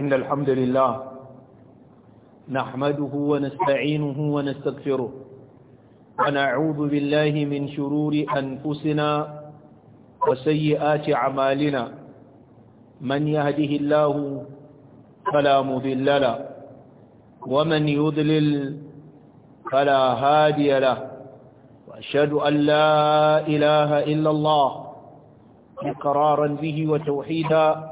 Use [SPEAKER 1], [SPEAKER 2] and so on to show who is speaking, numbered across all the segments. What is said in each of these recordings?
[SPEAKER 1] إن الحمد لله نحمده ونستعينه ونستغفره ونعوذ بالله من شرور أنفسنا وسيئات أعمالنا من يهده الله فلا مذل له ومن يضلل فلا هادي له وأشهد أن لا إله إلا الله إقرارا به وتوحيدا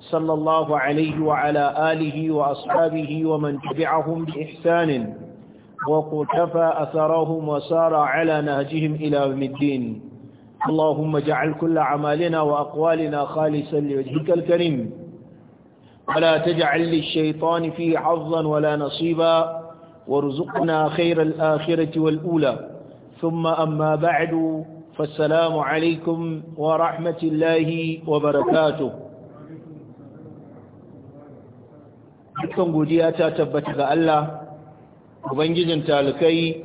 [SPEAKER 1] صلى الله عليه وعلى آله وأصحابه ومن تبعهم بإحسان وقتفى أثرهم وسار على نهجهم إلى يوم الدين اللهم اجعل كل عمالنا وأقوالنا خالصا لوجهك الكريم ولا تجعل للشيطان فيه حظا ولا نصيبا وارزقنا خير الآخرة والأولى ثم أما بعد فالسلام عليكم ورحمة الله وبركاته dukkan godiya ta tabbata ga Allah ubangijin talikai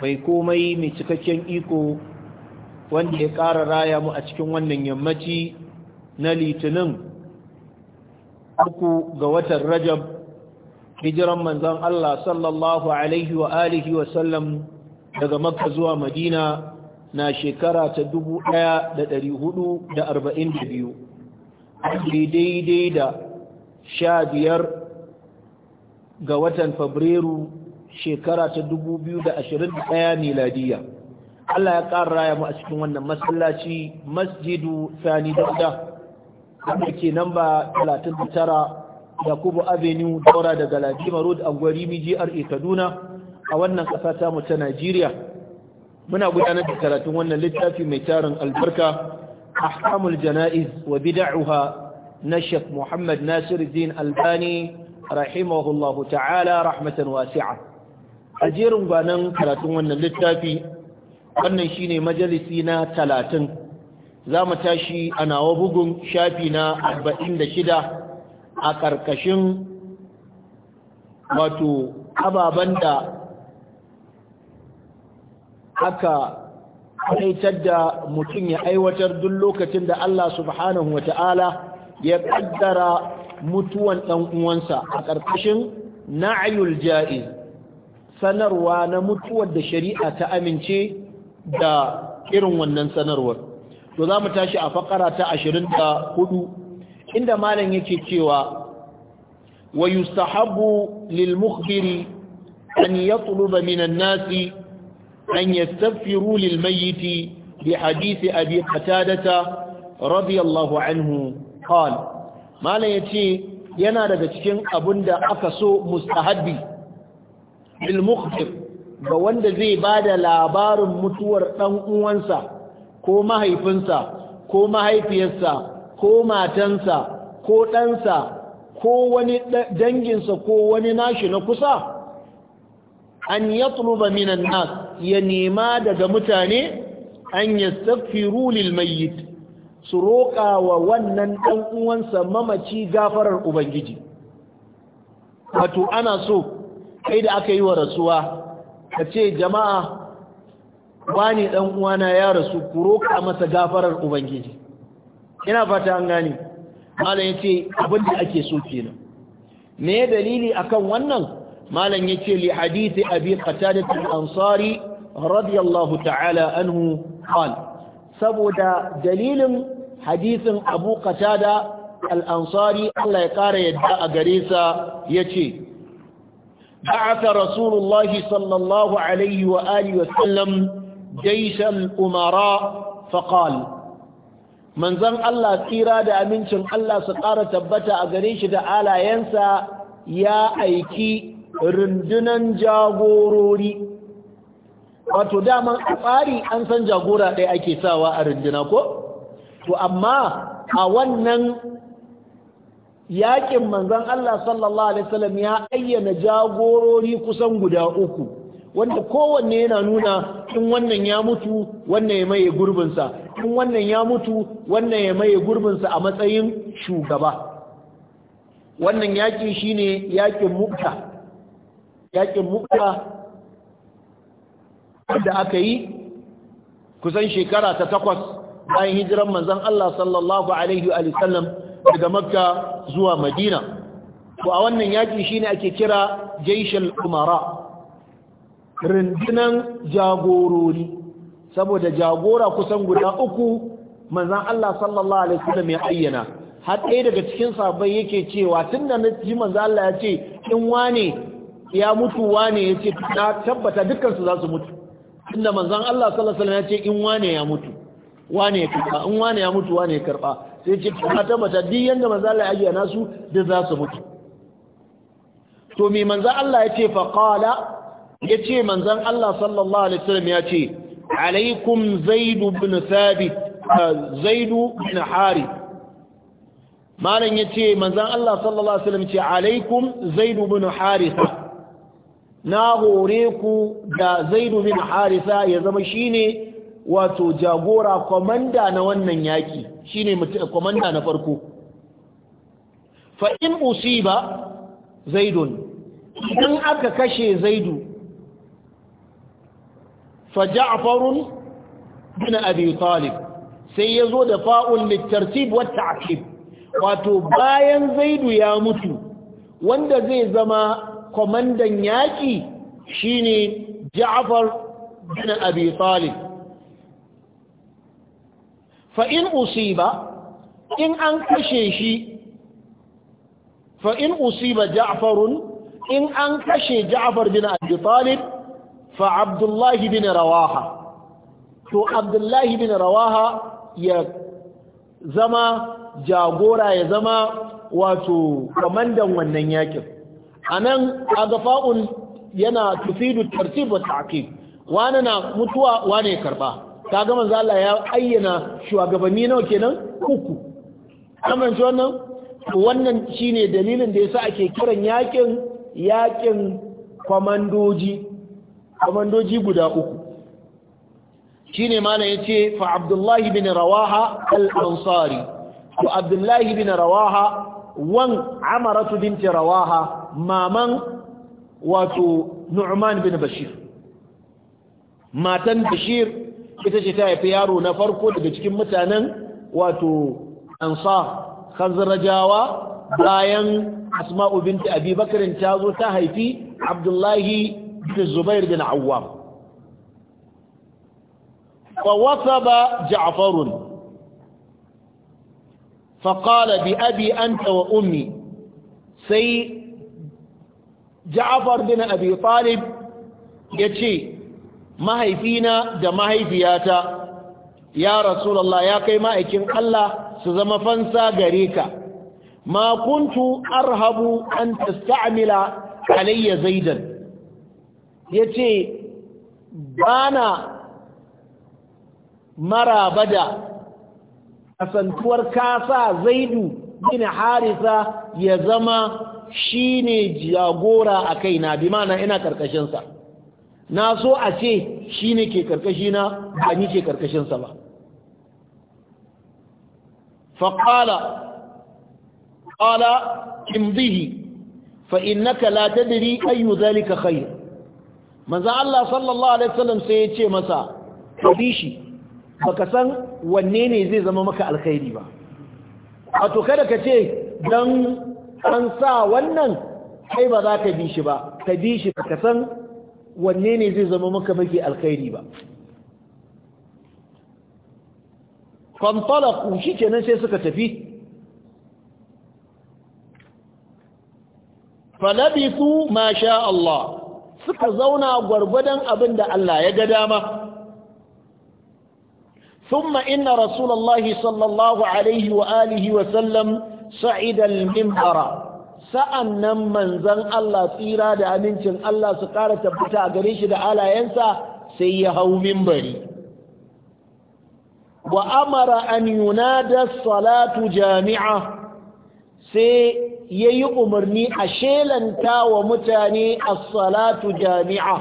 [SPEAKER 1] mai komai mai cikakken iko wanda ya ƙara raya mu a cikin wannan yammaci na litinin uku ga watan rajab hijiran manzon Allah sallallahu alaihi wa alihi wa sallam daga makka zuwa madina na shekara ta dubu ɗaya da huɗu da arba'in da biyu, daidai da sha biyar ga watan fabrairu shekara ta dubu biyu da ashirin ɗaya miladiya Allah ya ƙara raya mu a cikin wannan masallaci masjidu sani dauda wanda ke namba talatin da tara yakubu avenue daura daga ladima road angwari jihar kaduna a wannan ƙasa ta mu ta najeriya muna gudanar da karatun wannan littafi mai tarin albarka ahkamul jana'iz wa bid'uha na Sheikh Muhammad Nasiruddin Albani rahimahullahu ta'ala rahmatan wasi'a a jerin gwanan karatun wannan littafi wannan shine majalisi na talatin za mu tashi a nawa bugun shafi na arba'in da shida a ƙarƙashin wato ababen da aka haitar da mutum ya aiwatar duk lokacin da Allah subhanahu wa ta'ala ya kaddara mutuwan ɗan uwansa a ƙarƙashin na'ayul ja'iz sanarwa na mutuwar da shari'a ta amince da irin wannan sanarwar to za mu tashi a fakara ta 24 inda malam yake cewa wa yustahabu lil mukhbiri an yatluba min an-nas an yastaghfiru lil mayyit bi hadith abi qatadata radiyallahu anhu qal malam ce yana daga cikin abun da aka so mustahabbi bil ga wanda zai ba da labarin mutuwar dan uwansa ko mahaifinsa ko mahaifiyarsa ko matansa ko ɗansa ko wani danginsa ko wani nashi na kusa an yatluba minan nas ya nema daga mutane an yi tsaffi lil mayyit su roƙa wa wannan ɗan uwansa mamaci gafarar ubangiji wato ana so kai da aka yi wa rasuwa ka ce jama'a wani ɗan uwana ya rasu ku roƙa masa gafarar ubangiji ina fata an gani. malam ya ce abin da ake so kenan me ya dalili a kan wannan malam ya ce li hadithi abi qatadat ansari radiyallahu ta'ala anhu qala saboda dalilin hadisin abu da al-ansari Allah ya ƙara yadda a gare sa ce ba'atha rasulullahi sallallahu alaihi wa alihi wa sallam جيش الأمراء فقال allah زن الله تيرا دا أمينشن الله سقارة تبتا أغريش دا آلا ينسى يا أيكي رندنا جاغوروري wato daman a tsari an san jagora ɗaya ake sawa a runduna ko to amma a wannan yakin manzon Allah sallallahu alaihi wasallam ya ayyana jagorori kusan guda uku wanda kowanne yana nuna in wannan ya mutu wannan ya maye gurbinsa in wannan ya mutu wannan ya maye gurbinsa a matsayin shugaba wannan yaki shine yakin mukta yakin mukta da aka yi kusan shekara ta takwas bayan hijiran manzon Allah sallallahu alaihi wa sallam daga makka zuwa madina to a wannan yaki shine ake kira jaishal umara Rindunan jagorori saboda jagora kusan guda uku manzon Allah sallallahu alaihi wasallam ya ayyana har ɗaya daga cikin sabai yake cewa tunda na ji manzon Allah ya ce in wane ya mutu wane ya ce na tabbata dukkan su za su mutu tunda manzon Allah sallallahu alaihi wasallam ya ce in wane ya mutu wane ya karba in wane ya mutu wane ya karba sai ce ka tabbata duk yanda manzo Allah ya ayyana nasu da za su mutu to me manzo Allah ya ce fa qala ce manzon Allah sallallahu alaihi wasallam ya ce alaikum zaid ibn thabit zaid ibn harith malam yace manzon Allah sallallahu alaihi wasallam ce alaikum zaid ibn haritha na hore ku da zaid ibn Harisa ya zama shine wato jagora kwamanda na wannan yaki shine kwamanda na farko fa in ba, zaidun idan aka kashe zaidu fa ja'farun bin abi talib sai ya zo da fa'un litartib wata akib wato bayan zaidu ya mutu wanda zai zama kwamandan yaki shine ja'afar bin abi talib fa in usiba in an kashe shi usiba ja'farun in an kashe ja'far bin abi talib fa abdullahi bin rawaha to abdullahi bin rawaha ya zama jagora ya zama wato kwamandan wannan yakin a nan agafa'un yana tufidu tartib wa wani na mutuwa wane karba Ka manzo Allah ya ayyana shugabanni nawa kenan uku kamar shi wannan wannan shine dalilin da yasa ake kiran yakin yakin kwamandoji kwamandoji guda uku shine mana yace fa Abdullah ibn Rawaha al-Ansari to Abdullah ibn Rawaha wan Amaratu bint Rawaha maman wato Nu'man bin Bashir matan Bashir ita ce ta haifi yaro na farko daga cikin mutanen wato ansa khazrajawa bayan asma'u binti abi bakarin ta zo ta haifi abdullahi bin zubair bin awwam fa wasaba ja'farun فقال بأبي أنت وأمي سي جعفر بن أبي طالب يتشي mahaifina da mahaifiyata ya rasulallah ya kai ma'aikin Allah su zama fansa gare ka ma kuntu arhabu an tasta'mila alayya zaidan yace bana maraba da kasantuwar kasa zaidu bin harisa ya zama shine jagora a Na bi mana ina karkashin sa na so a ce shi ne ke karkashi na ba ni ke karkashinsa ba faƙala ƙala imdihi fa'innaka la ayyu zalika khair manzan Allah sallallahu Alaihi wasallam sai ya ce masa bi shi baka san wanne ne zai zama maka alkhairi ba wato kada ka ce don an sa wannan kai ba za ka bi shi ba ka bi shi baka san wanne ne zai zama maka mafi alkhairi ba fantalaku shi kenan sai suka tafi falabisu ma sha Allah suka zauna gwargwadon abin da Allah ya ga dama ثم inna رسول الله صلى wa عليه وآله وسلم صعد المنبر sa'an nan manzan Allah tsira da amincin Allah su ƙara tabbata a gare shi da halayensa sai ya hau mimbari wa amara an da salatu jami'a sai ya yi umarni a shelanta wa mutane a salatu jami'a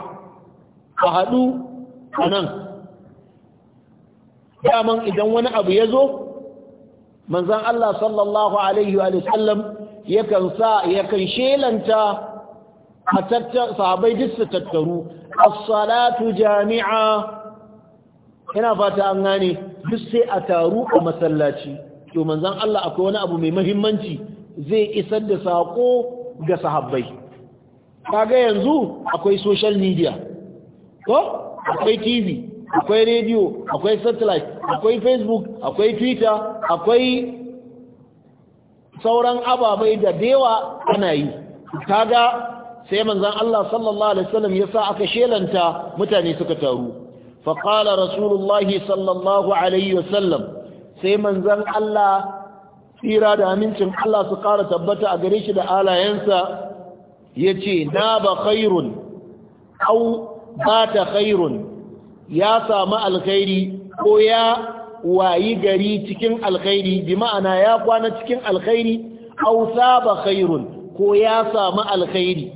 [SPEAKER 1] a haɗu a nan daman idan wani abu ya zo manzan Allah sallallahu Alaihi s.allam. yakan sa yakan shelanta a sahabai duk su tattaru as-salatu jami'a ina fata an gane duk a taru a masallaci to manzon Allah akwai wani abu mai muhimmanci zai isar da sako ga sahabbai kaga yanzu akwai social media ko akwai TV akwai radio akwai satellite akwai Facebook akwai Twitter akwai sauran ababai da dewa ana yi kaga sai manzon Allah sallallahu alaihi wasallam ya sa aka shelanta mutane suka taru fa qala rasulullahi sallallahu alaihi wasallam sai manzon Allah tsira da amincin Allah su kara tabbata a gare shi da alayensa yace na ba khairun au bata khairun ya samu alkhairi ko ya wayi gari cikin alkhairi bi ma'ana ya kwana cikin alkhairi aw saba khairun ko ya samu alkhairi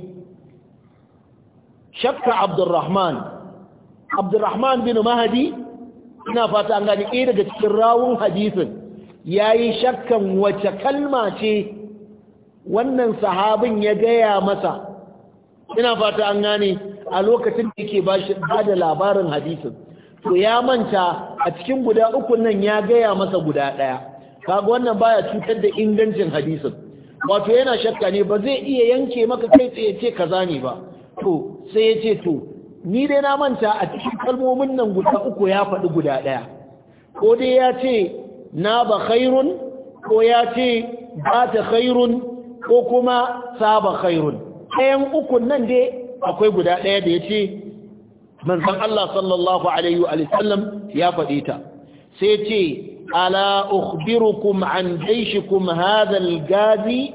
[SPEAKER 1] shakka abdurrahman abdurrahman bin mahdi ina fata an gane ɗaya daga cikin rawun hadisin yayi shakkan wace kalma ce wannan sahabin ya gaya masa ina fata an gane a lokacin da yake ba da labarin hadisin to ya manta a cikin guda uku nan ya gaya masa guda ɗaya kaga wannan baya cutar da ingancin hadisin wato yana shakka ne ba zai iya yanke maka kai tsaye ce kaza ne ba to sai ya ce to ni dai na manta a cikin kalmomin nan guda uku ya faɗi guda ɗaya ko dai ya ce na ba khairun ko ya ce ba ta khairun ko kuma saba khairun ɗayan ukun nan dai akwai guda ɗaya da ya ce manzon Allah sallallahu alaihi wa sallam ya faɗi ta sai ce ala ukhbirukum an jayshikum hadha al-gazi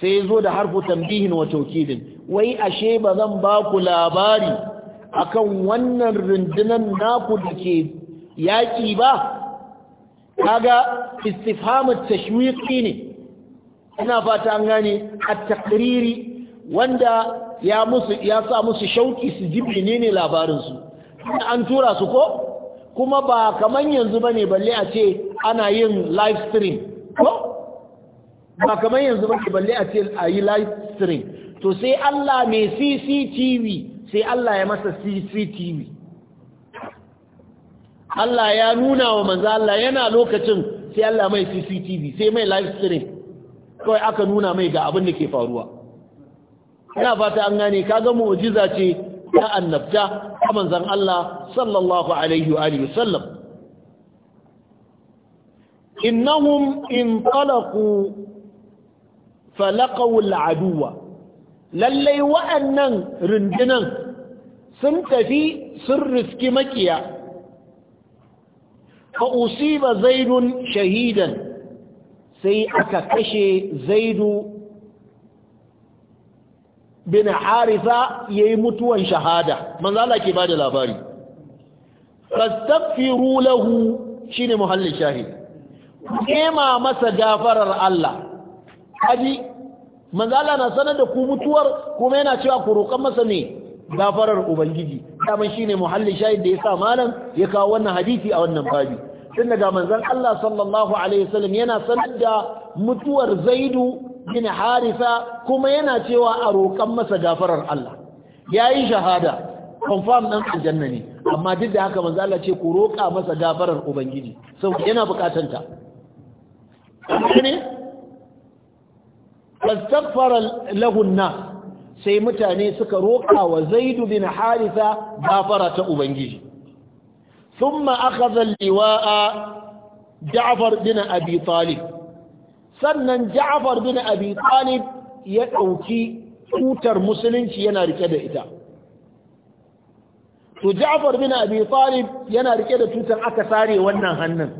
[SPEAKER 1] sai zo da harfu tambihin wa taukidin wai ashe ba zan ba ku labari akan wannan rundunan naku da ke yaƙi ba kaga istifhamu tashwiqi ne ina fata an gane at-taqriri wanda ya musu ya sa musu shauki su ji menene labarin su an tura su ko kuma ba kaman yanzu bane balle a ce ana yin live stream ko ba kaman yanzu bane balle a ce a yi live stream to sai Allah mai CCTV sai Allah ya masa CCTV Allah ya nuna wa manzo Allah yana lokacin sai Allah mai CCTV sai mai live stream kawai aka nuna mai ga abin da ke faruwa ina fata an gane kaga mu'jiza ce ta annabta ta manzon Allah sallallahu alaihi wa alihi wasallam innahum intalaqu falaqaw al'aduwa lallai wa'annan rundunan sun tafi sun riski makiya fa usiba zaidun shahidan sai aka kashe zaidu bin harisa yayi mutuwan shahada manzo ke bada labari fastaghfiru lahu shine muhallin shahid kema masa gafarar Allah haji manzo na sanar da ku mutuwar kuma yana cewa ku roƙan masa ne gafarar ubangiji daman shine muhallin shahid da ya sa malam ya kawo wannan hadisi a wannan babi tun daga manzon Allah sallallahu alaihi wasallam yana sanar da mutuwar Zaidu bin harisa kuma yana cewa a roƙon masa gafarar Allah ya yi shahada confirm ɗan aljanna ne amma duk da haka manzo Allah ce ku roƙa masa gafarar ubangiji saboda yana buƙatar ta ne fastaghfara lahu na sai mutane suka roƙa wa zaidu bin harisa gafara ta ubangiji thumma akhadha al-liwa'a ja'far bin abi talib sannan ja'far bin abi talib ya ɗauki tutar musulunci yana rike da ita to ja'far bin abi talib yana rike da tutar aka sare wannan hannun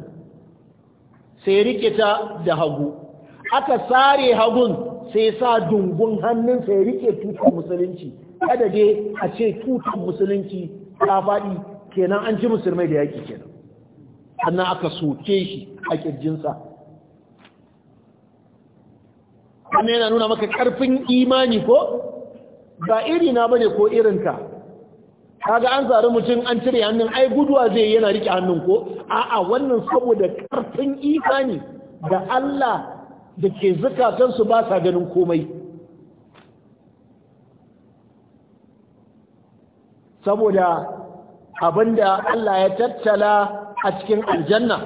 [SPEAKER 1] sai rike ta da hagu aka sare hagun sai sa dungun hannun sai rike tutar musulunci kada dai a ce tutar musulunci ta faɗi kenan an ji musulmai da yaki kenan annan aka soke shi a ƙirjinsa. wannan yana nuna maka karfin imani ko ba iri na bane ko irinka kaga an zari mutum an cire hannun ai guduwa zai yana rike hannun ko a'a wannan saboda karfin imani da Allah da ke su ba sa ganin komai saboda abinda Allah ya tattala a cikin aljanna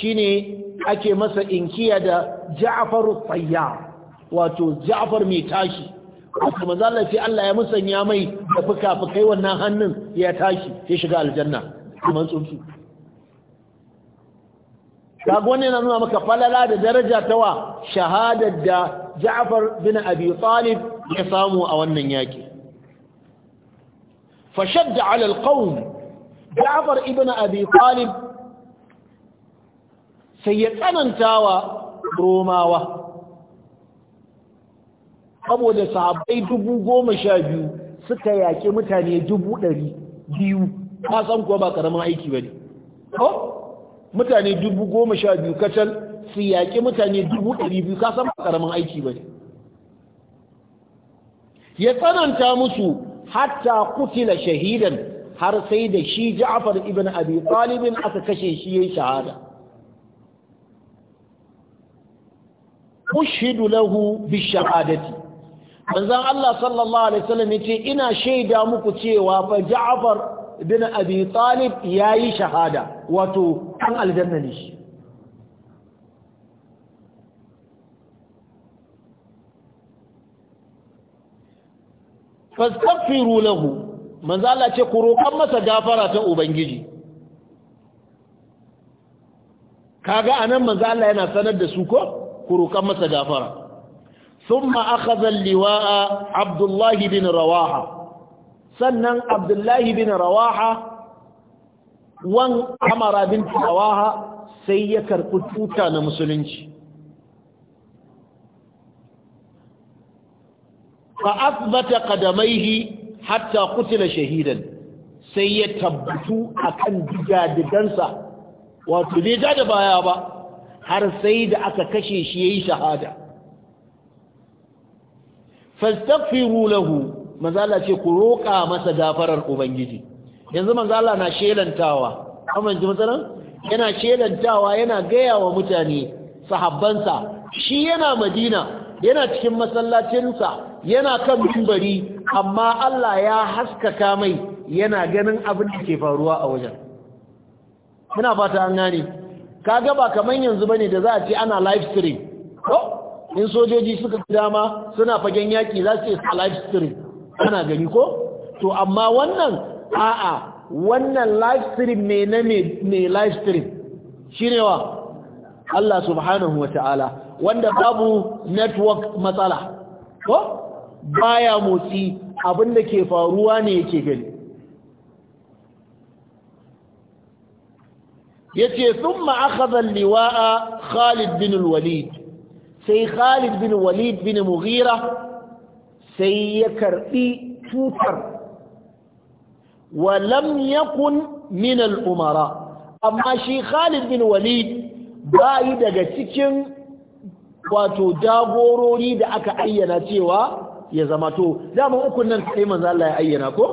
[SPEAKER 1] shine ake masa inkiya da ja'faru tsayyar wato Ja'far mai tashi kuma manzo Allah sai Allah ya musanya mai da fuka-fukai wannan hannun ya tashi ya shiga aljanna kuma tsuntsu kaga ne yana nuna maka falala da daraja ta wa shahadar da Ja'far bin Abi Talib ya samu a wannan yaki fashadda ala alqawm Ja'far ibn Abi Talib sai ya tsanantawa Romawa saboda sahabbai dubu goma sha biyu suka yaƙi mutane dubu ɗari biyu ka san kuwa ba ƙaramin aiki ba ne ko mutane dubu goma sha biyu kacal su yaƙi mutane dubu ɗari biyu ka san ba ƙaramin aiki ba ne ya tsananta musu hatta kutila shahidan har sai da shi ja'far ibn abi talibin aka kashe shi yayin shahada ushidu lahu bi shahadati manzon Allah sallallahu alaihi wasallam yace ina shaida muku cewa fa Ja'far bin Abi Talib yayi shahada wato an aljanna ne shi fastaghfiru lahu manzon Allah ce ku roƙan masa gafara ta ubangiji kaga anan manzon Allah yana sanar da su ko ku roƙan masa gafara ثم أخذ اللواء عبد الله بن رواحة سنن عبد الله بن رواحة وان عمر بن رواحة سيكر قدوتا نمسلنش فأثبت قدميه حتى قتل شهيدا سيتبتو أكن جاد دنسا وتلي جاد بايابا har sai da aka kashe shi yayi shahada fastaghfiru lahu manzo ce ku roƙa masa gafarar ubangiji yanzu manzo Allah na shelantawa amma yanzu matsalan yana shelantawa yana gaya wa mutane sahabbansa shi yana Madina yana cikin masallacinsa yana kan mimbari amma Allah ya haskaka mai yana ganin abin da ke faruwa a wajen muna fata an gane kaga ba kaman yanzu bane da za a ce ana live stream in sojoji suka dama suna fagen yaƙi za su yi live stream ana gani ko to amma wannan a'a wannan live stream mai na mai live stream ne wa Allah subhanahu Ta'ala. wanda babu network matsala ko baya motsi abinda ke faruwa ne yake gani yace sun ma'akazan al-liwa'a Khalid bin walid sai Khalid bin Walid bin Mughira sai ya karbi tutar walam lam yakun min al-umara amma shi Khalid bin Walid bai daga cikin wato jagorori da aka ayyana cewa ya zama to dama ukun nan sai manzo Allah ya ayyana ko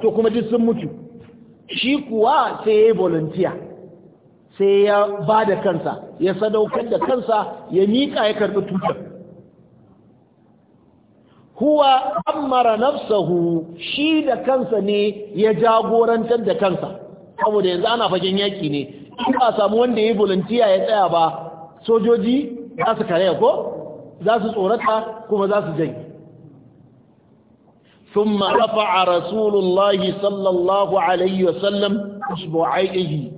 [SPEAKER 1] to kuma duk sun mutu shi kuwa sai ya volunteer sai ya ba da kansa ya sadaukar da kansa ya miƙa ya karɓi tutar huwa ammara nafsahu shi da kansa ne ya jagorantar da kansa saboda yanzu ana fagen yaƙi ne in ba samu wanda ya volunteer ya tsaya ba sojoji za su kare ko za su tsorata kuma za su janye ثم a رسول sallallahu alaihi الله عليه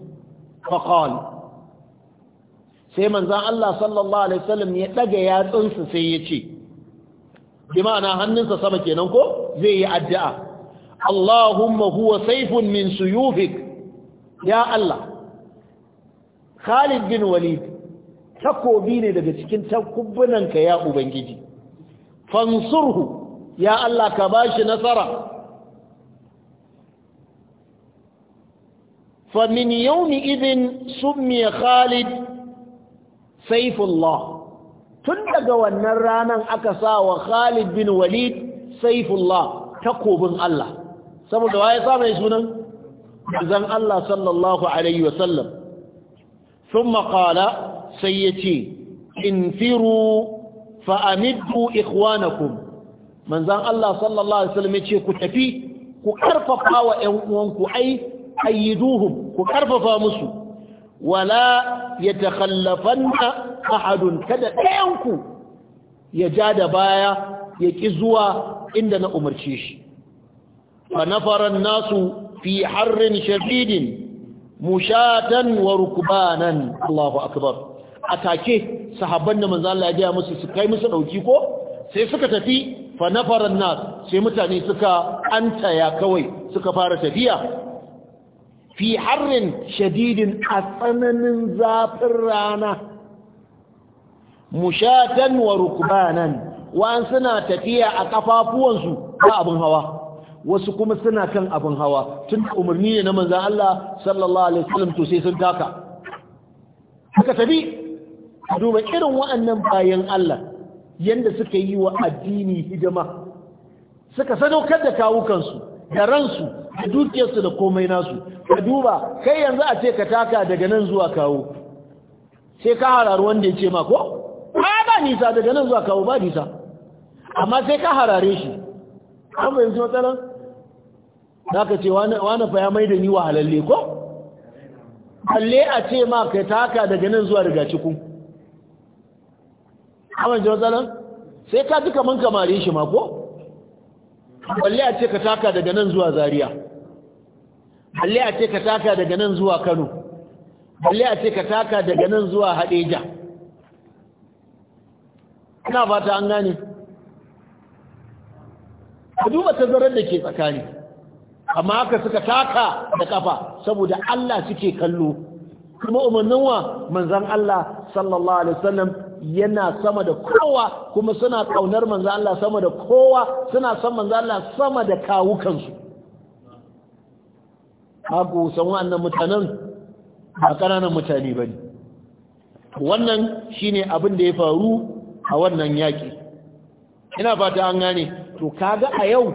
[SPEAKER 1] sai manzan Allah sallallahu Alaihi wasallam ya ɗaga yatsunsa sai ya ce, imana hannunsa sama kenan ko zai yi addu'a. Allahumma huwa saifun min suyufik, ya Allah, Khalid bin Walid, takobi ne daga cikin takubbinanka ya Ubangiji, fansurhu, ya Allah ka bashi nasara, فمن يومئذ سمي خالد سيف الله tun daga wannan ranar aka sa wa Khalid bin Walid Saifullah takobin Allah saboda waye sa mai sunan zan Allah sallallahu alaihi wasallam thumma qala sai yace infiru fa amiddu ikhwanakum manzan Allah sallallahu alaihi wasallam yace ku tafi ku karfafa wa ƴan uwanku ai ayyiduhum ku karfafa musu wala yatakhallafanna ahadun kada ɗayanku ya ja da baya ya ƙi zuwa inda na umarce shi fa nafaran nasu fi harrin shadidin mushatan wa rukbanan Allahu akbar take sahabban da manzo Allah ya ga musu su kai musu ɗauki ko sai suka tafi fa nafaran sai mutane suka anta ya kawai suka fara tafiya fi harrin shadidin a tsananin zafin rana mushatan wa rukbanan wa'an suna tafiya a kafafuwansu ta abin hawa wasu kuma suna kan abin hawa tun umarni ne na manzan Allah sallallahu alaihi wasallam to sai sun taka suka tafi duba irin wa'annan bayan Allah yanda suka yi wa addini hidima suka sadaukar da kawukansu da ransu a dukiyarsu da komai nasu ka duba kai yanzu a ce ka taka daga nan zuwa kawo sai ka harari wanda ya ce ma ko ba ba nisa daga nan zuwa kawo ba nisa amma sai ka harare shi an fahimci matsalar za ka ce wani faya mai da ni halalle ko halle a ce ma ka taka daga nan zuwa daga riga cikin amince matsalar sai ka duka kaman kamare shi ma ko balle a ce ka taka daga nan zuwa zaria balle a ce ka taka daga nan zuwa kano balle a ce ka taka daga nan zuwa hadeja ina fata an gane ka duba tazarar da ke tsakani amma haka suka taka da kafa saboda Allah suke kallo kuma umarnin wa manzan Allah sallallahu alaihi wasallam yana sama da kowa kuma suna kaunar manzo Allah sama da kowa suna son manzo Allah sama da kawukansu haku san wannan mutanen ba kananan mutane bane wannan shine abin da ya faru a wannan yaki ina fata an gane to kaga a yau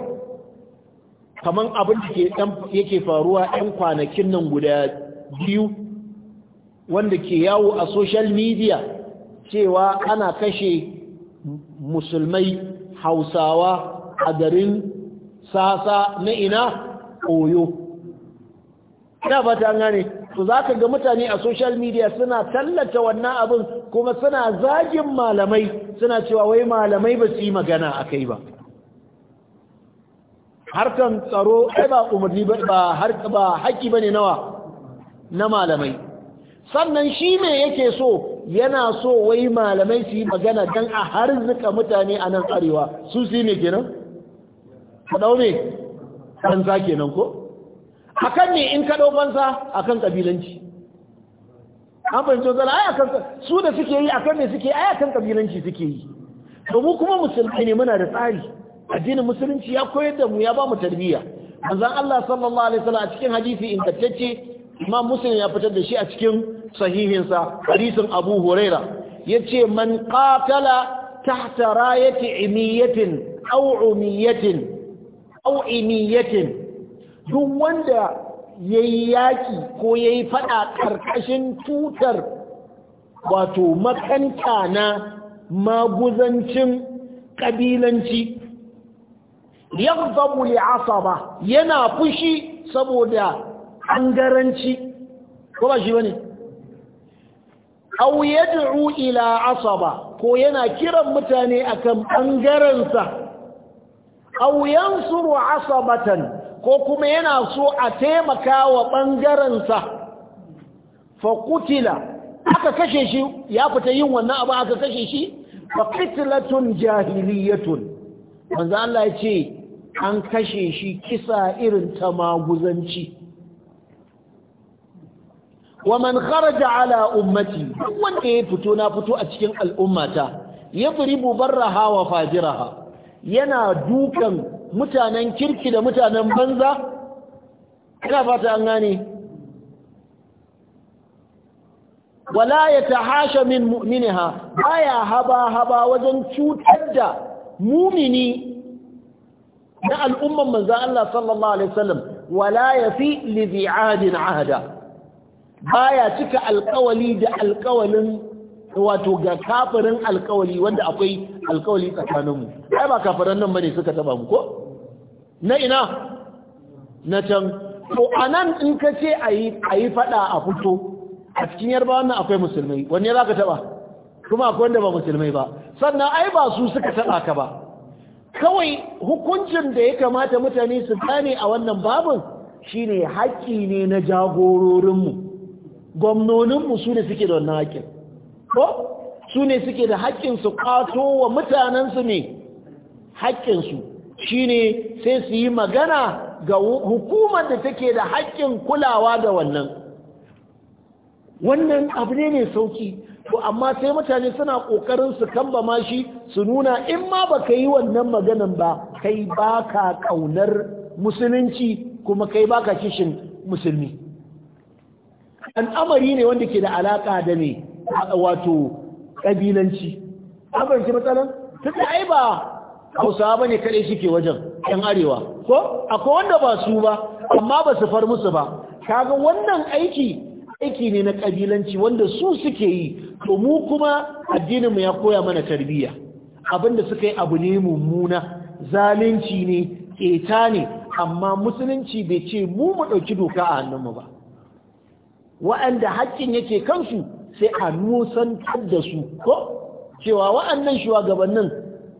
[SPEAKER 1] kaman abin da ke yake faruwa ɗan kwanakin nan guda biyu wanda ke yawo a social media cewa ana kashe musulmai hausawa a garin sasa na ina oyo ina ba ta gane to za ka ga mutane a social media suna tallata wannan abin kuma suna zagin malamai suna cewa wai malamai ba su yi magana a kai ba harkan tsaro ai ba umarni ba ba haƙƙi ba ne nawa na malamai sannan shi ne yake so yana so wai malamai su yi magana don a harzuka mutane a nan arewa su su ne kenan? kaɗau ne banza kenan ko? a kan ne in kaɗau banza a kan ƙabilanci an fahimci wanzan a akan su da suke yi a kan ne suke a akan ƙabilanci suke yi domin kuma musulmai ne muna da tsari addinin musulunci ya koyar da mu ya ba mu tarbiyya manzon Allah sallallahu alaihi wasallam a cikin hadisi ingantacce imam muslim ya fitar da shi a cikin sahihinsa hadisin abu huraira ya ce man qatala tahta rayati imiyatin aw umiyatin aw imiyatin duk wanda yayi yaki ko yayi faɗa ƙarƙashin tutar wato makanta na maguzancin kabilanci yaghdabu li'asaba yana fushi saboda ɓangaranci ko ba shi ne yad'u ila asaba ko yana kiran mutane akan ɓangaransa au yansuru asabatan ko kuma yana so a taimaka wa ɓangaransa fakutila aka kashe shi ya fita yin wannan abu aka kashe shi fakitilatun jahiliyatun wanzu Allah ya ce an kashe shi kisa irin ta maguzanci wa man kharaja ala ummati duk wanda ya fito na fito a cikin al'ummata ya yadribu barraha wa fajiraha yana dukan mutanen kirki da mutanen banza ina fata an gane wala yatahasha min mu'minha baya haba haba wajen cutar da mumini na al'umman manzo Allah sallallahu alaihi wasallam wala yafi li bi'adin baya cika alkawali da alkawalin wato ga kafirin alkawali wanda akwai alkawali tsakaninmu ai ba kafiran nan bane suka taba mu ko na ina na can to anan in ka ce ayi ayi fada a fito a cikin yarba wannan akwai musulmai wanne zaka taba kuma akwai wanda ba musulmai ba sannan ai ba su suka taba ka ba kawai hukuncin da ya kamata mutane su gane a wannan babin shine haƙƙi ne na jagororinmu gwamnoninmu su ne suke da wannan haƙƙin ko su ne suke da haƙƙin su ƙato wa mutanensu ne haƙƙinsu shi ne sai su yi magana ga hukumar da take da haƙƙin kulawa da wannan wannan abu ne mai sauki to amma sai mutane suna ƙoƙarin su kamba ma shi su nuna in ma ba ka yi wannan maganan ba kai baka ka ƙaunar musulunci kuma kai baka kishin musulmi al'amari ne wanda ke da alaka da ne wato kabilanci abin shi matsalan tun da ai ba hausawa bane kaɗai shi ke wajen yan arewa ko akwai wanda ba su ba amma ba su far musu ba kaga wannan aiki aiki ne na kabilanci wanda su suke yi to mu kuma addinin mu ya koya mana tarbiyya abinda suka yi abu ne mummuna zalunci ne keta ne amma musulunci bai ce mu mu ɗauki doka a hannun mu ba wa'anda haƙƙin yake kansu sai a nusantar da su ko cewa wa'annan shugabannin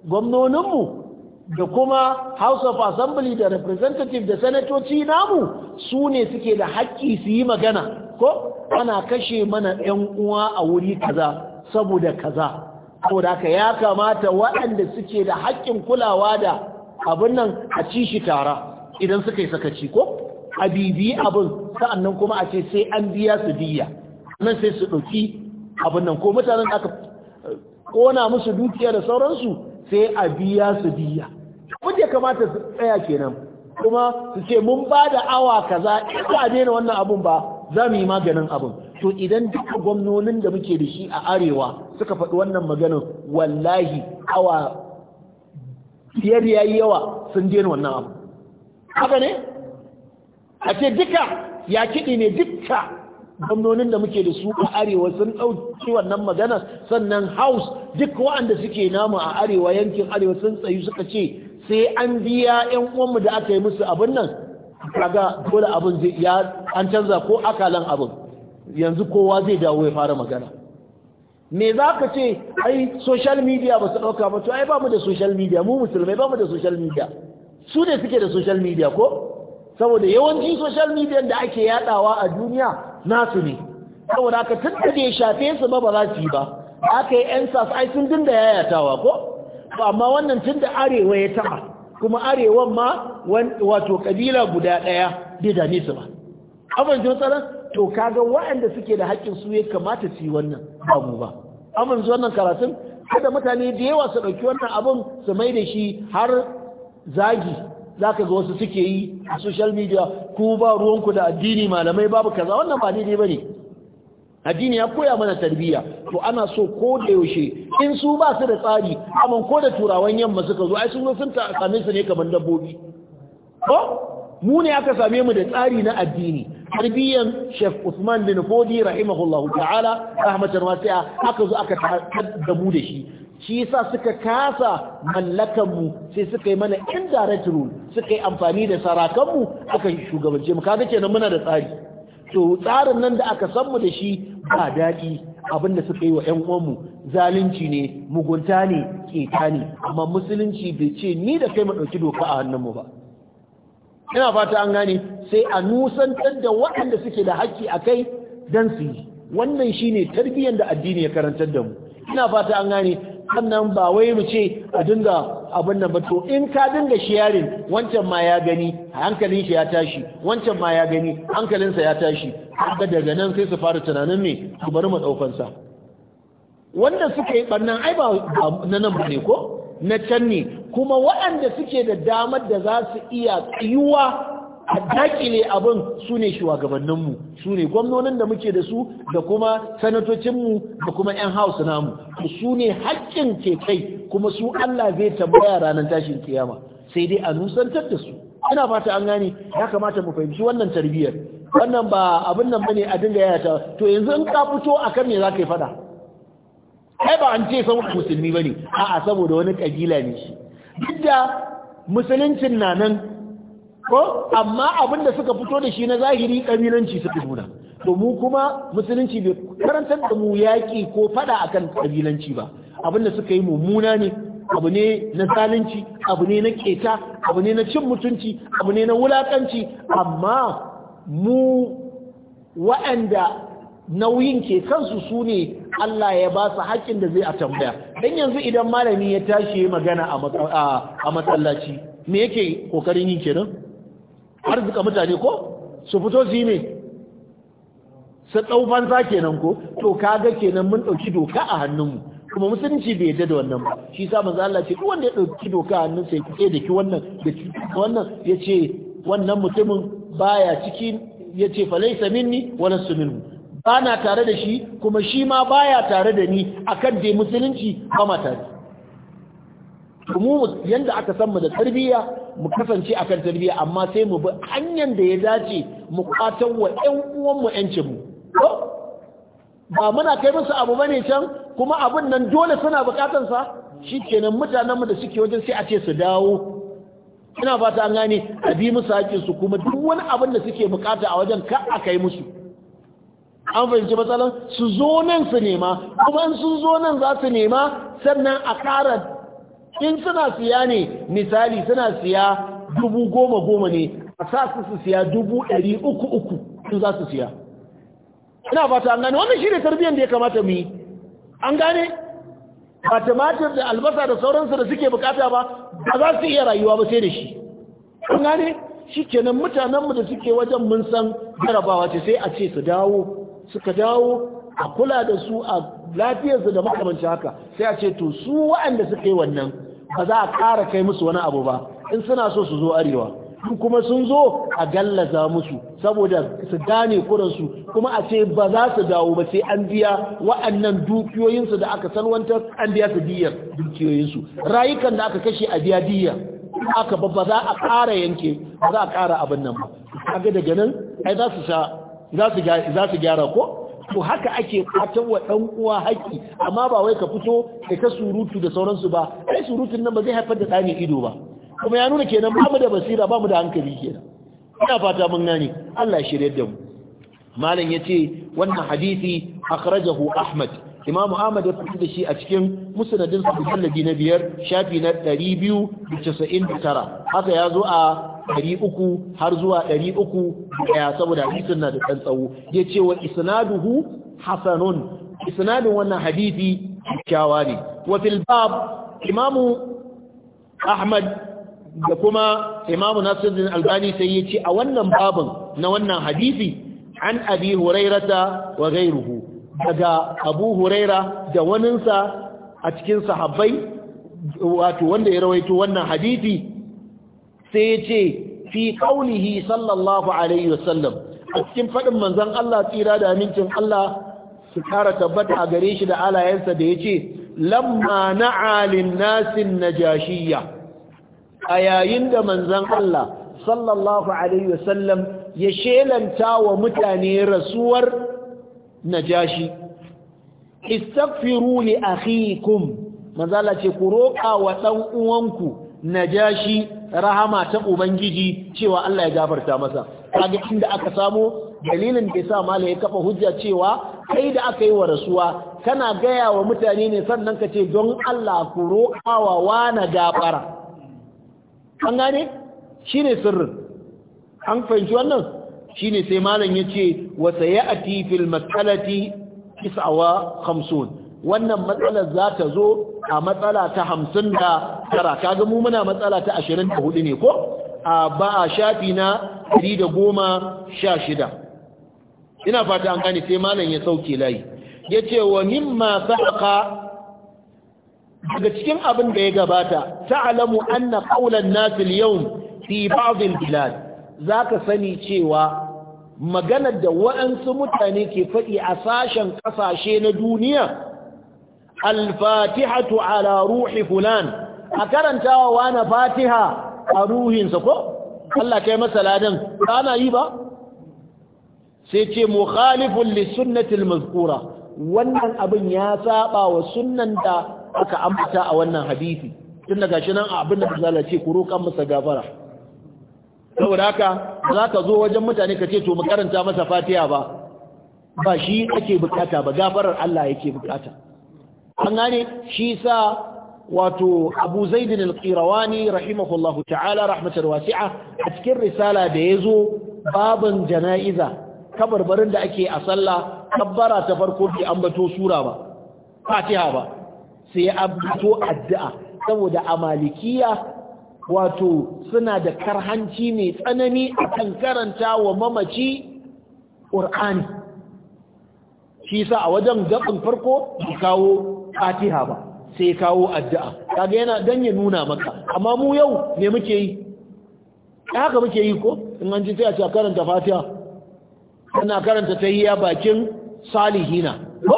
[SPEAKER 1] gwamnoninmu da kuma house of assembly da representative da sanatoci namu su ne suke da haƙƙi su yi magana ko ana kashe mana 'yan uwa a wuri kaza saboda kaza saboda ka ya kamata waɗanda suke da haƙƙin kulawa da abin nan a ci shi tara idan suka yi sakaci ko a bibiyi abin sa'annan kuma a ce sai an biya su biya, nan sai su ɗauki abin nan ko mutanen aka eh, ƙona musu dukiya da sauransu sai a biya su diya wanda ya kamata su tsaya kenan kuma su ce mun ba da awa kaza za a daina wannan abun ba za mu yi maganin abin to idan duka gwamnonin da muke da shi a arewa suka faɗi wannan maganin wallahi awa yayi yawa sun daina wannan abu haka ne a ce duka ya kiɗi ne duka gwamnonin da muke da su a arewa sun ɗauki wannan magana sannan haus duk waɗanda suke namu a arewa yankin arewa sun tsayu suka ce sai an biya 'yan uwanmu da aka yi musu abin nan kaga dole abin zai ya an canza ko akalan abin yanzu kowa zai dawo ya fara magana me za ka ce ai social media ba su ɗauka ba to ai ba mu da social media mu musulmai ba mu da social media su ne suke da social media ko saboda yawancin social media da ake yadawa a duniya nasu ne saboda aka tun da shafe su ba ba za su yi ba aka yi yan sas ai sun dinda yayatawa ko to amma wannan tun da arewa ya taba kuma arewan ma wato kabila guda daya bai dame su ba abin jin tsara to kaga waɗanda suke da haƙƙin su ya kamata su yi wannan babu ba abin wannan karatun kada mutane da yawa su ɗauki wannan abin su mai da shi har zagi za ka ga wasu suke yi a social media ku ba ruwanku da addini malamai babu kaza wannan ba daidai ba ne addini ya koya mana tarbiyya to ana so ko da yaushe in su ba su da tsari amma ko da turawan yamma suka zo ai sun zo sun same su ne kamar dabbobi ko mu ne aka same mu da tsari na addini tarbiyyan Sheikh Usman bin Fodi rahimahullahu ta'ala rahmatan wasi'a aka zo aka tabbu da shi shi yasa suka kasa mallakan mu sai suka yi mana indirect rule suka yi amfani da sarakanmu akan shugabance mu kaga kenan muna da tsari to tsarin nan da aka san mu da shi ba daɗi abin da suka yi wa ƴan uwanmu zalunci ne mugunta ne keta ne amma musulunci bai ce ni da kai mu ɗauki doka a hannun mu ba ina fata an gane sai a nusantar da waɗanda suke da haƙƙi a kai don su yi wannan shine tarbiyyar da addini ya karantar da mu ina fata an gane sannan ba wai mu ce a dinga abin nan ba to in ka dinga shiyarin wancan ma ya gani hankalin shi ya tashi wancan ma ya gani hankalinsa ya tashi haka daga nan sai su fara tunanin me su bari mu daukan sa wanda suka yi barnan ai ba na nan bane ko na can kuma waɗanda suke da damar da za su iya tsayuwa a dakile abin su ne shugabanninmu su ne gwamnonin da muke da su da kuma sanatocinmu da kuma 'yan house namu su ne haƙƙin ke kai kuma su Allah zai tambaya ranar tashin kiyama sai dai a nusantar da su ina fata an gane ya kamata mu fahimci wannan tarbiyyar wannan ba abin nan bane a dinga ta to yanzu in ka fito akan me zaka yi fada kai ba an ce san musulmi bane a'a saboda wani kabila ne shi duk da musuluncin na nan ko amma abin da suka fito da shi na zahiri kabilanci fi nuna to mu kuma musulunci bai karantar da mu yaƙi ko fada akan kabilanci ba abin da suka yi mummuna ne abu ne na zalunci abu ne na keta abu ne na cin mutunci abu ne na wulakanci amma mu wa'anda nauyin ke kansu su ne Allah ya ba su haƙƙin da zai a tambaya don yanzu idan malami ya tashi magana a matsalaci me yake ƙoƙarin yin kenan arzika mutane ko su fito su yi ne su ɗau banza kenan ko to kaga kenan mun ɗauki doka a hannunmu kuma musulunci bai yadda da wannan ba shi sa manzo Allah ce wanda ya ɗauki doka a hannunsa ya kike da ki wannan da ki wannan ya ce wannan mutumin baya ciki ya ce falaisa minni wala su minhu ba na tare da shi kuma shi ma baya tare da ni akan dai musulunci ba ma tare mu yanda aka san mu da tarbiyya mu kasance kan tarbiyya amma sai mu bi hanyar da ya dace mu katon wa ƴan uwan mu ƴancin mu ba muna kai musu abu bane can kuma abun nan dole suna bukatan sa shikenan mutanen mu da suke wajen sai a ce su dawo ina fata an gane a bi musu hakkin su kuma duk wani abin da suke bukata a wajen ka a kai musu an fahimci matsalar su zo nan su nema kuma in sun zo nan za su nema sannan a ƙara in suna siya ne misali suna siya dubu goma goma ne a sa su su siya dubu ɗari uku uku su za su siya ina fata an gane wannan shirin tarbiyyar da ya kamata mu yi an gane ba tumatir da albasa da sauransu da suke bukata ba ba za su iya rayuwa ba sai da shi an gane shi kenan mutanenmu da suke wajen mun san jarabawa ce sai a ce su dawo suka dawo a kula da su a lafiyarsu da makamanci haka sai a ce to su waɗanda suka yi wannan ba za a ƙara kai musu wani abu ba in suna so su zo arewa in kuma sun zo a gallaza musu saboda su gane kuransu kuma a ce ba za su dawo ba sai an biya wa'annan dukiyoyinsu da aka salwantar an biya su diyar dukiyoyinsu rayukan da aka kashe a biya diyar aka ba ba za a ƙara yanke ba za a ƙara abin nan ba kaga daga nan ai za su gyara ko to haka ake fatan wa dan uwa haƙi amma ba wai ka fito da ta surutu da sauransu ba ai surutun nan ba zai haifar da ɗani ido ba kuma ya nuna kenan ba mu da basira ba mu da hankali kenan ina fata mun gane Allah ya shirye da mu malam yace wannan hadisi akhrajahu Ahmad imamu ahmad ya fitar da shi a cikin musnadin sa mujallabi na biyar shafi na ɗari biyu da da casa'in tara. haka ya zo a uku har zuwa ɗari 300 saboda hadisin na da ɗan tsawo ya ce wa isnaduhu hasanun isnadin wannan hadisi kyakkyawa ne wa fil bab imamu ahmad da kuma imamu nasiruddin albani sai ya ce a wannan babin na wannan hadisi an abi hurairata wa ghayruhu daga abu huraira da waninsa a cikin sahabbai wato wanda ya rawaito wannan hadithi sai ya ce fi kaunihi sallallahu alaihi wasallam a cikin faɗin manzan Allah tsira da amincin Allah su kara tabbata a gare shi da alayensa da ya ce lamma na'alin nasin najashiya a yayin da manzan Allah sallallahu alaihi wasallam ya shelanta wa mutane rasuwar najashi istaghfiru li akhikum Mazala ce ku roƙa wa dan uwanku najashi rahama ta ubangiji cewa Allah ya gafarta masa kaga inda aka samo dalilin da yasa malai ya kafa hujja cewa kai da aka yi wa rasuwa kana gaya wa mutane ne sannan ka ce don Allah ku roka wa wani gafara an gane shine sirrin an fahimci wannan shine sai malam yace wa sayati matsalati kisawa 59 wannan matsalar za ta zo a matsala ta tara. kaga mu muna matsala ta ashirin hudu ne ko a ba a shafi na shida. ina fata an gane sai malam ya sauke layi Ya ce, wa mimma saqa daga cikin abin da ya gabata alamu anna qawlan ƙaunar al-yawm fi ba'd bilad za ka sani cewa maganar da waɗansu mutane ke faɗi a sashen ƙasashe na duniya alfatihatu ala ruhi fulan a karantawa wani fatiha a ruhinsa ko? Allah kai masa ladan ana yi ba? sai ce mukhalifun li sunnatil mazkura wannan abin ya saba wa sunnan da aka ambata a wannan hadisi tun daga shi nan abin da ce ku roƙan masa gafara saboda haka za ka zo wajen mutane ka ce to mu karanta masa fatiha ba ba shi ake bukata ba gafarar Allah yake bukata an gane shi sa wato Abu Zaid al-Qirawani rahimahullahu ta'ala rahmatar wasi'a a cikin risala da ya zo baban jana'iza kabarbarin da ake a sallah kabbara ta farko bi ambato sura ba fatiha ba sai ya ambato addu'a saboda a wato suna da karhanci mai tsanani akan karanta wa mamaci ƙur'ani shi sa a wajen gaɓin farko bai kawo fatiha ba sai kawo addu'a kaga yana don ya nuna maka amma mu yau ne muke yi haka muke yi ko in an ji sai a karanta fatiha suna karanta ta tahiyya bakin salihina ko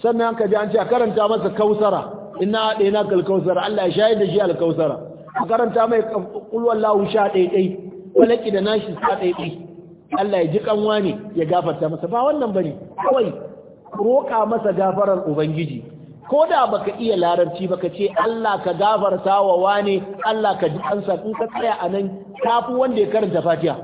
[SPEAKER 1] sannan ka ji an ce a karanta masa kausara ina ɗaya na kausara Allah ya da shi alkausara a karanta mai kulwan lahu sha ɗaiɗai walaƙi da nashi sha ɗaiɗai Allah ya ji kanwa ne ya gafarta masa ba wannan bane kawai roƙa masa gafarar ubangiji ko da baka iya larabci baka ce Allah ka gafarta wa wane Allah ka ji ansa in ka tsaya a nan kafin wanda ya karanta Fatiya.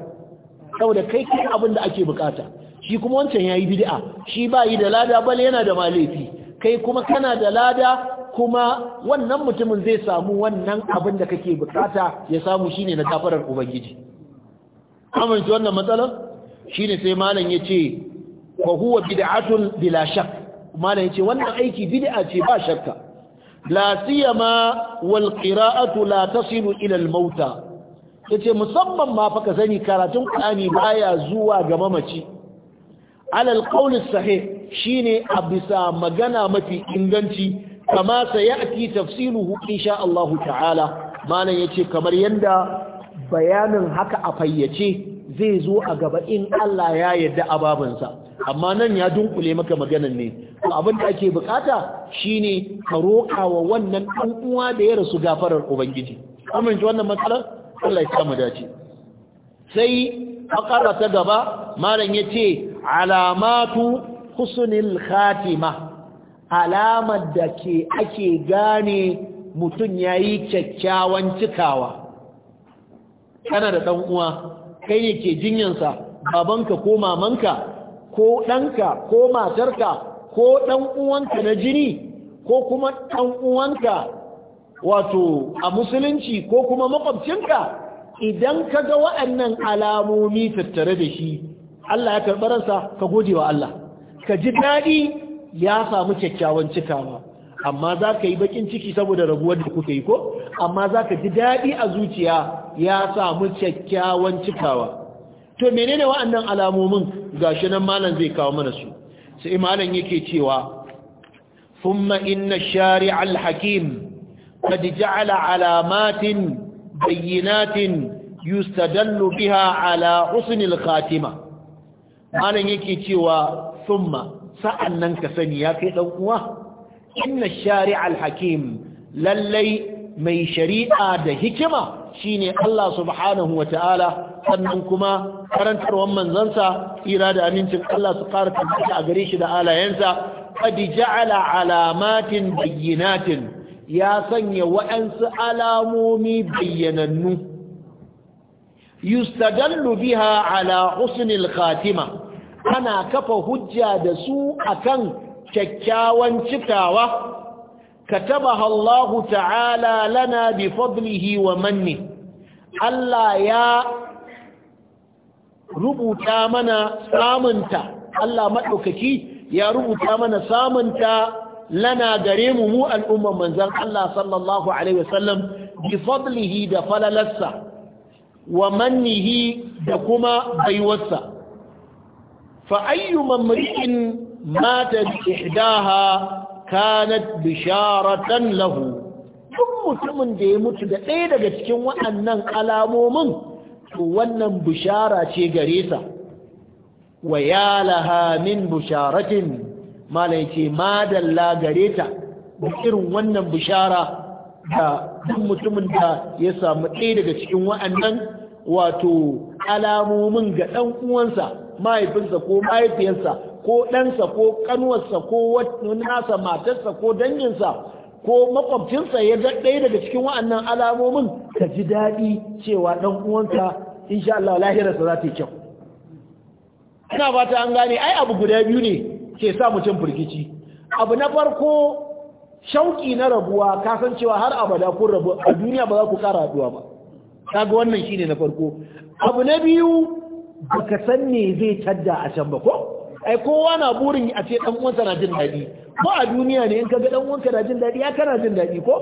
[SPEAKER 1] saboda kai kai abin da ake bukata shi kuma wancan yayi bid'a shi ba yi da lada bal yana da malefi kai kuma kana da lada kuma wannan mutumin zai samu wannan abin da kake bukata ya samu shine na gafarar ubangiji amince wannan matsalar shine sai malam yace wa huwa bid'atun bila shak malam yace wannan aiki bid'a ce ba shakka la siyama wal qira'atu la tasilu ila al mauta yace musamman ma faka sani karatun qur'ani baya zuwa ga mamaci alal qawli sahih shine a bisa magana mafi inganci kama sa sayati tafsiluhu insha Allah ta'ala malan yace kamar yadda bayanin haka a fayyace zai zo a gaba in Allah ya yarda a babansa amma nan ya dunkule maka maganan ne abin da ake bukata shine ka roƙa wa wannan ɗan uwa da ya rasu gafarar ubangiji amin ji wannan matsalar Allah ya samu dace sai akara ta gaba malam yace alamatu husnil khatima alamar da ke ake gane mutum ya yi kyakkyawan cikawa kana da ɗan'uwa? kai ne ke jinyansa babanka ko mamanka ko ɗanka ko matarka ko ɗan'uwanka na jini ko kuma ɗan'uwanka wato a musulunci ko kuma makwabcinka idan ka ga wa'annan alamomi tattare da shi Allah ya karɓararsa ransa ka gode wa Allah ka ji daɗi ya samu kyakkyawan cikawa amma za ka yi bakin ciki saboda raguwar da kuka yi ko amma za ka ji daɗi a zuciya ya samu kyakkyawan cikawa to menene wa'annan alamomin gashi nan malam zai kawo mana su sai malam yake cewa thumma inna shari'a al-hakim qad ja'ala alamatin bayyinatin yustadallu biha ala husnil khatima malam yake cewa thumma nan ka sani ya fi dan uwa inna shari'al hakim lallai mai shari'a da hikima shine Allah subhanahu wata'ala sannan kuma karantarwar manzansa ira da amincin Allah su fara tabbata a gare shi da alayensa qad ja'ala alamatin bayyanatin ya sanya wa'ansu alamomi bayyanannu yustadallu biha ala husnil khatima Kana kafa hujja da su akan kyakkyawan cikawa Ka katabaha Allah ta'ala lana bi fadlihi wa manni Allah ya rubuta mana samunta Allah madaukaki ya rubuta mana samunta lana gare mu mu al'umman manzan Allah sallallahu Alaihi wasallam bi fadlihi da falalarsa wa mannihi da kuma baiwarsa fa ayyu mamri'in mata bi ihdaha kanat bisharatan lahu duk mutumin da ya mutu da ɗaya daga cikin waɗannan alamomin to wannan bishara ce gare sa wa laha min bisharatin malai ce madalla gare ta irin wannan bishara da duk mutumin da ya samu ɗaya daga cikin waɗannan wato alamomin ga ɗan uwansa mahaifinsa ko mahaifiyarsa ko ɗansa ko ƙanuwarsa ko nasa matarsa ko danginsa ko makwabcinsa ya ga daga cikin wa'annan alamomin ka ji daɗi cewa ɗan uwanka insha Allah lahirarsa za ta yi kyau ina fata an gane ai abu guda biyu ne ke sa mutum firgici abu na farko shauƙi na rabuwa kasancewa har abada kun rabu a duniya ba za ku ƙara haɗuwa ba kaga wannan shi ne na farko abu na biyu baka san me zai tadda a can ba ko ai kowa na burin a ce dan uwansa na jin daɗi ko a duniya ne in kaga dan uwanka na jin daɗi ya kana jin daɗi ko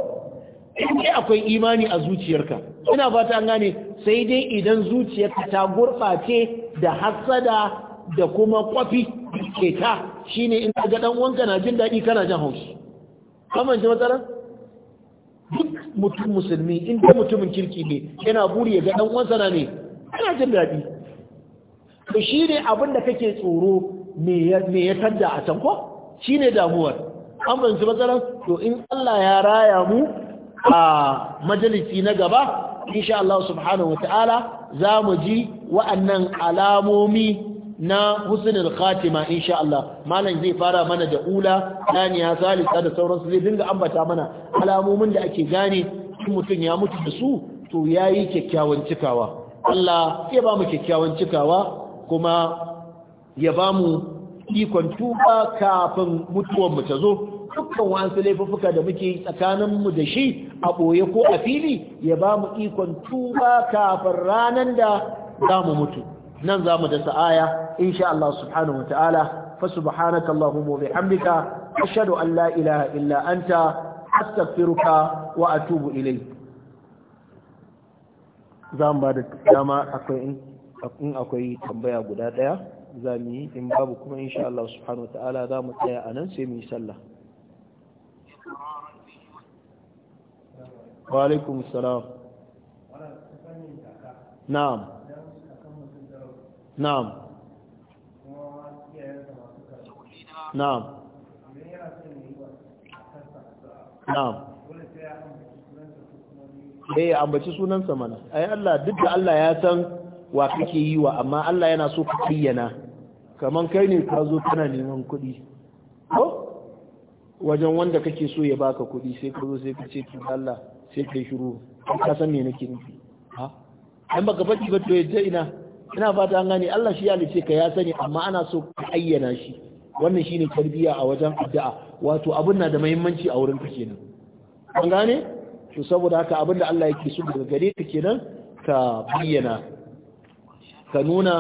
[SPEAKER 1] in akwai imani a zuciyarka ina fata an gane sai dai idan zuciyarka ta gurɓace da hassada da kuma kwafi ke ta shine in kaga dan uwanka na jin daɗi kana jin haushi kamar ji matsalar duk mutum musulmi in mutumin kirki ne yana buri ga dan uwansa na ne yana jin daɗi to shi ne abin da kake tsoro me ya tadda a can ko shi ne damuwar an su matsalar to in Allah ya raya mu a majalisi na gaba insha Allah subhanahu wa ta'ala za mu ji wa'annan alamomi na husnul khatima insha Allah malam zai fara mana da ula ya salisa da sauransu zai dinga ambata mana alamomin da ake gane mutum ya mutu da su to yayi kyakkyawan cikawa Allah ya ba mu kyakkyawan cikawa kuma ya ba mu ikon tuba kafin mu ta zo dukkan wasu laifuffuka da muke tsakanin mu da shi a ɓoye ko a fili ya ba mu ikon tuba kafin ranar da za mu mutu nan za mu da sa'aya insha Allah subhanahu wa ta'ala fa subhanaka Allahumma bihamdika ashhadu an la ilaha illa anta astaghfiruka wa atubu ilayk zan ba da dama akwai in akwai tambaya guda daya za mu yi in babu kuma insha Allah subhanahu wataala za mu tsaya a nan sai mu yi sallah wa alaikum salam na'am na'am na'am na'am eh ambaci sunansa mana ai Allah duk da Allah ya san wa kake yi wa amma Allah yana so ka bayyana kaman kai ne ka zo kana neman kuɗi ko wajen wanda kake so ya baka kuɗi sai ka zo sai ka ce ki Allah sai kai shiru ka san me nake nufi ha an baka fati ba to yaje ina ina fata an gane Allah shi ya lice ka ya sani amma ana so ka ayyana shi wannan shine tarbiya a wajen addu'a wato abun na da muhimmanci a wurin ka kenan an gane to saboda haka abinda da Allah yake so daga gare ka kenan ka bayyana ka nuna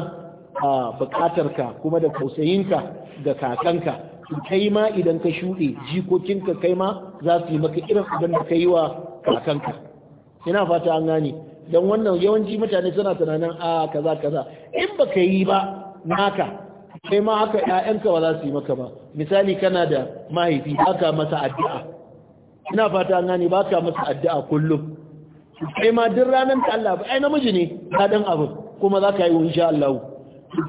[SPEAKER 1] a bukatarka kuma da kausayinka ga kakanka kai ma idan ka shuɗe jikokinka kai ma za su yi maka irin abin da ka yi wa kakanka ina fata an gane don wannan yawanci mutane suna tunanin a kaza kaza in ba ka yi ba naka kai ma haka ‘ya'yanka ba za su yi maka ba misali kana da mahaifi ka masa addu'a ina fata an gane ba ka masa addu'a kullum kai ma duk ranar da Allah ba ai namiji ne dan abin kuma za ka yi insha Allah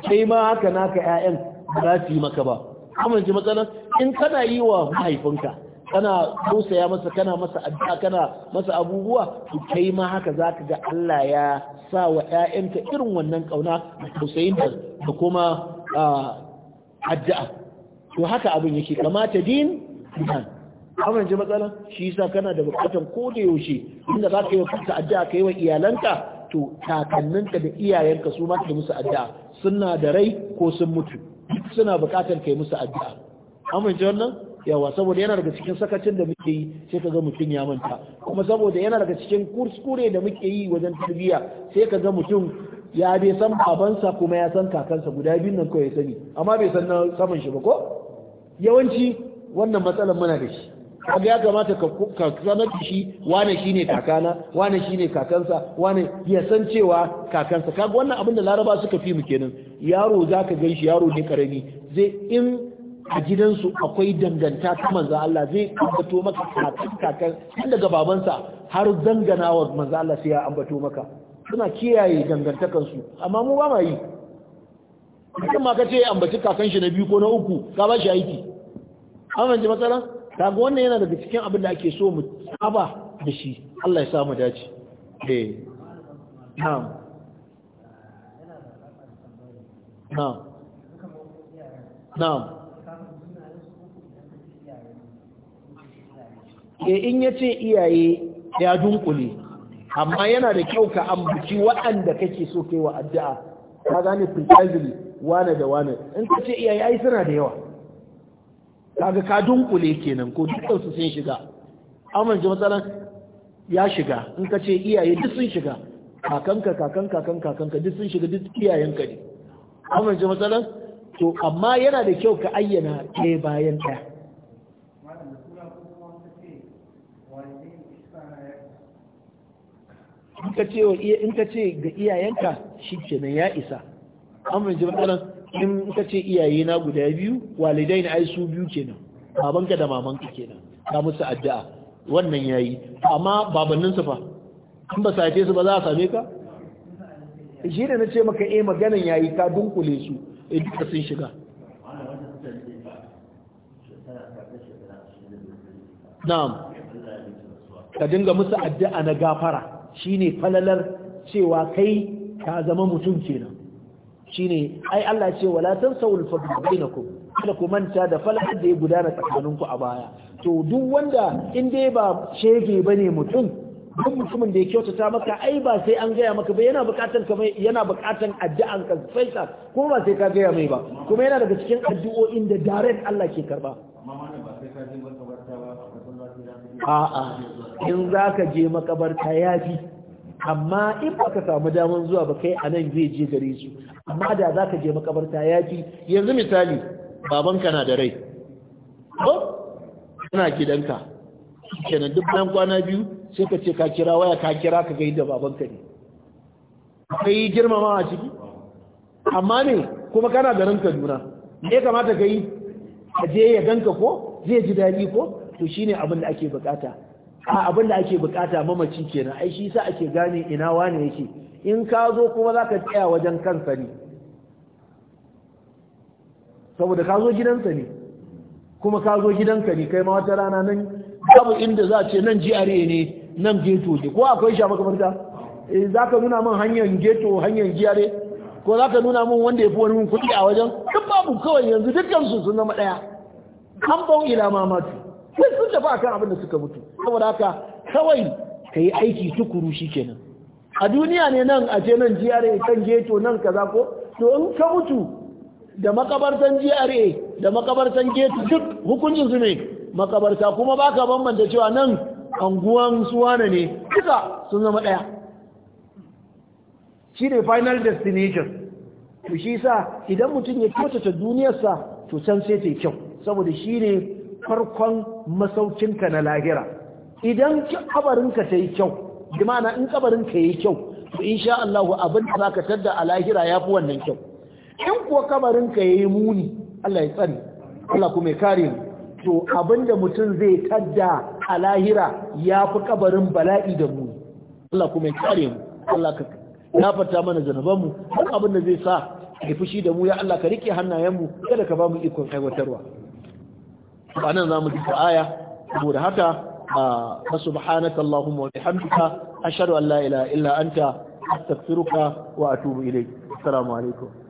[SPEAKER 1] kai ma haka naka ƴaƴan za su yi maka ba kuma ji matsalar in kana yi wa mahaifinka kana tausaya masa kana masa addu'a kana masa abubuwa kai ma haka zaka ga Allah ya sa wa ƴaƴanka irin wannan kauna da tausayin da kuma addu'a to haka abin yake kamata din dan abin ji matsala shi yasa kana da bukatan ko da yaushe ka zaka yi wa kanka addu'a yi wa iyalanka to kakanninka da iyayenka su ma kai musu addu'a suna da rai ko sun mutu suna bukatar kai musu addu'a ji wannan yawa saboda yana daga cikin sakacin da muke yi sai ka ga mutum ya manta kuma saboda yana daga cikin kuskure da muke yi wajen tarbiyya sai ka ga mutum ya bai san babansa kuma ya san kakansa guda biyun nan kawai ya sani amma bai san na saman shi ba ko yawanci wannan matsalar muna da shi kaga ya kamata ka sanar da shi wane shine kakana wane shine kakansa wane ya san cewa kakansa kaga wannan abin da laraba suka fi mu kenan yaro zaka gan shi yaro ne karami zai in a gidansu akwai danganta ta manzo Allah zai ambato maka kakan kakan tun daga babansa har dangana wa manzo Allah sai ya ambato maka suna kiyaye dangantakansu amma mu ba ma yi kuma ka ce ambaci kakan shi na biyu ko na uku ka ba shi aiki an ji matsala kaga wannan yana daga cikin abin da ake so mu saba da shi Allah ya sa mu dace eh na'am na'am na'am e in yace iyaye ya dunkule amma yana da kyau ka ambaci waɗanda kake so kai wa addu'a ka gane precisely wane da wane in ka ce iyaye ai suna da yawa kaga ka dunkule kenan ko dukkan su sun shiga amma ji matsalan ya shiga in ka ce iyaye duk sun shiga kakanka kakanka, kakanka kakanka duk sun shiga duk iyayenka ne amma ji matsalan to amma yana da kyau ka ayyana ke bayan ɗaya in ka ce ga iyayenka shi kenan ya isa amma ji matsalan in ka ce iyaye na guda biyu walidai na ai su biyu kenan babanka da mamanka kenan ka musu addu'a wannan yayi amma babannin su fa in ba sace su ba za a same ka shi da na ce maka eh maganan yayi ka dunkule su idan eh, ka sun shiga na'am ka dinga musu addu'a na gafara shine falalar cewa kai ka zama mutum kenan shine ai Allah ce wala tansawul fadl bainakum kada ku manta da falakar da ya gudana tsakaninku a baya to duk wanda in dai ba shefe bane mutum duk mutumin da ya kyautata maka ai ba sai an gaya maka ba yana bukatar ka yana bukatar addu'an ka faisa ko ba sai ka gaya mai ba kuma yana daga cikin addu'o'in da direct Allah ke karba a'a in zaka je makabarta yafi amma in baka samu daman zuwa ba kai anan zai je gare su amma da za ka je makabarta yaki yanzu misali babanka na da rai ko kana gidanka kenan duk bayan kwana biyu sai ka ce ka kira waya ka kira ka ga yadda babanka ne akwai girmama a ciki amma ne kuma kana garin kaduna me kamata ka yi a je ya ganka ko zai ji daɗi ko to shine abin da ake bukata a abin da ake bukata mamaci kenan ai shi sa ake gane ina wane yake in ka zo kuma za ka tsaya wajen kansa ne saboda ka zo gidansa ne kuma ka zo gidansa ne kai ma wata rana nan babu inda za ce nan GRA ne nan geto ne ko akwai sha makamarta eh, za ka nuna min hanyar geto hanyar GRA ko za ka nuna min wanda ya fi wani kudi a wajen duk babu kawai yanzu dukkansu sun zama ɗaya an bau ila mamatu sai sun tafi akan abin da suka mutu saboda haka kawai ka yi aiki tukuru shikenan a duniya ne nan a ce nan GRA kan geto nan kaza ko to in ka mutu da makabartan GRA da makabartan geto duk hukuncin su ne makabarta kuma ba ka bambanta cewa nan anguwan suwana ne duka sun zama daya shi ne final destination to shi sa idan mutum ya kyautata duniyarsa to can sai ta yi kyau saboda shi ne farkon masaukinka na lahira idan kabarinka ta yi kyau bi ma'ana in kabarin ka yi kyau to sha Allah abin da zaka tadda a lahira ya fi wannan kyau in kuwa kabarin ka yi muni Allah ya tsare Allah kuma ya kare mu to abin da mutum zai tadda a lahira ya fi kabarin bala'i da muni Allah kuma ya kare mu Allah ka fata mana zanabanmu duk abin da zai sa ka fushi da mu ya Allah ka rike mu, kada ka ba mu ikon aiwatarwa ba nan za mu ji aya saboda haka fa subhanaka allahumma wa bihamdika ashhadu an la illa anta astaghfiruka wa atubu ilai assalamu alaikum